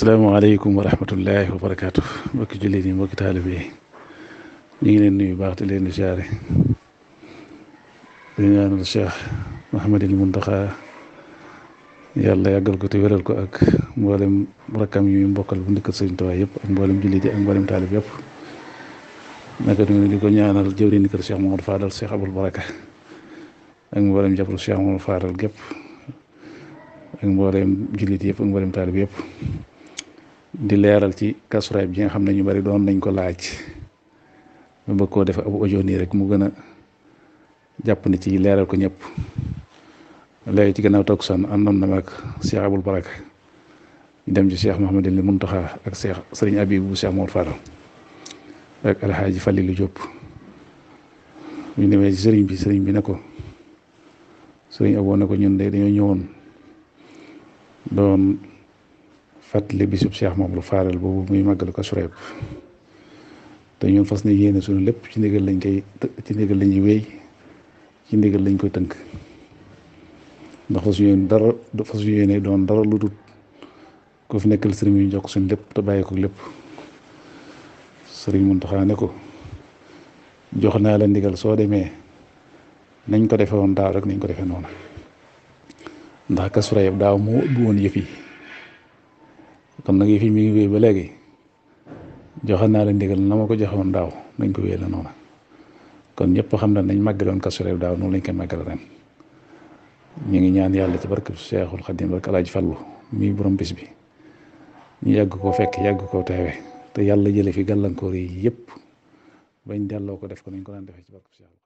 salaamaaleykum wa rahmatullahi wa barakaatu mbokki jullit yi mbokki taalibe yi ñu ngi leen nuyu baax di leen di siyaare di ñaanal Cheikh Mouhamadul Muntaxa yàlla yàggal ko te wéral ko ak mboolem rakkam yu mbokkal bu ndëkkat Sëriñ Tuubaa yëpp ak mboolem jullit yi ak mboolem taalib yëpp di ko ñaanal jëwriñu kër Cheikh Mamadou Fadal Cheikh Abul Baraka ak mboolem jàppal Cheikh Mamadou Fadal gépp ak yëpp. di leeral ci Kazu Rajab xam ne ñu bari doon nañ ko laaj ma bëgg koo def ab audio rek mu gën a jàpp ni ci leeral ko ñëpp léegi ci gannaaw toog son àndoon na ak Cheikh Abul dem ñu dem ci Cheikh Mouhamadul Muntaxa ak Cheikh Sëriñ Abibu bu Cheikh Mor Fadal ak Alxaaji Falilu Jóob ñu demee ci sëriñ bi sëriñ bi na ko sëriñ aboo ne ko ñun de dañoo ñëwoon doon fàttali bisub Cheikh moom lu faaral boobu muy màggalu Kazu Rajab te ñun fas ne yéene suñu lépp ci ndigal lañ koy ci ndigal lañuy wéy ci ndigal lañ koy tënk ndax fas yéene dara fas yéene doon dara lu dul ko fi nekkal sëriñ bi jox suñu lépp te bàyyi ko lépp sëriñ Mountakha ne ko jox naa la ndigal soo demee nañ ko defe woon daal rek nañ ko defee noonu ndax Kazu Rajab daaw moo woon yëf kon nag yi yi mi ngi wéy ba léegi joxe naa la ndigal na ma ko joxewoon daaw nañ ko wéy la noonu kon ñëpp xam na nañ màggaloon Kazu Rajab daaw noonu lañ koy màggal ren ñu ngi ñaan yàlla ci barke Seexul Xadiim barke Alaaji Fallu mii borom bis bi ñu yàgg koo fekk yàgg koo teewe te yàlla jële fi gàllankoor yi yëpp bañ delloo ko def ko nañ ko daan defee ci barke Seexul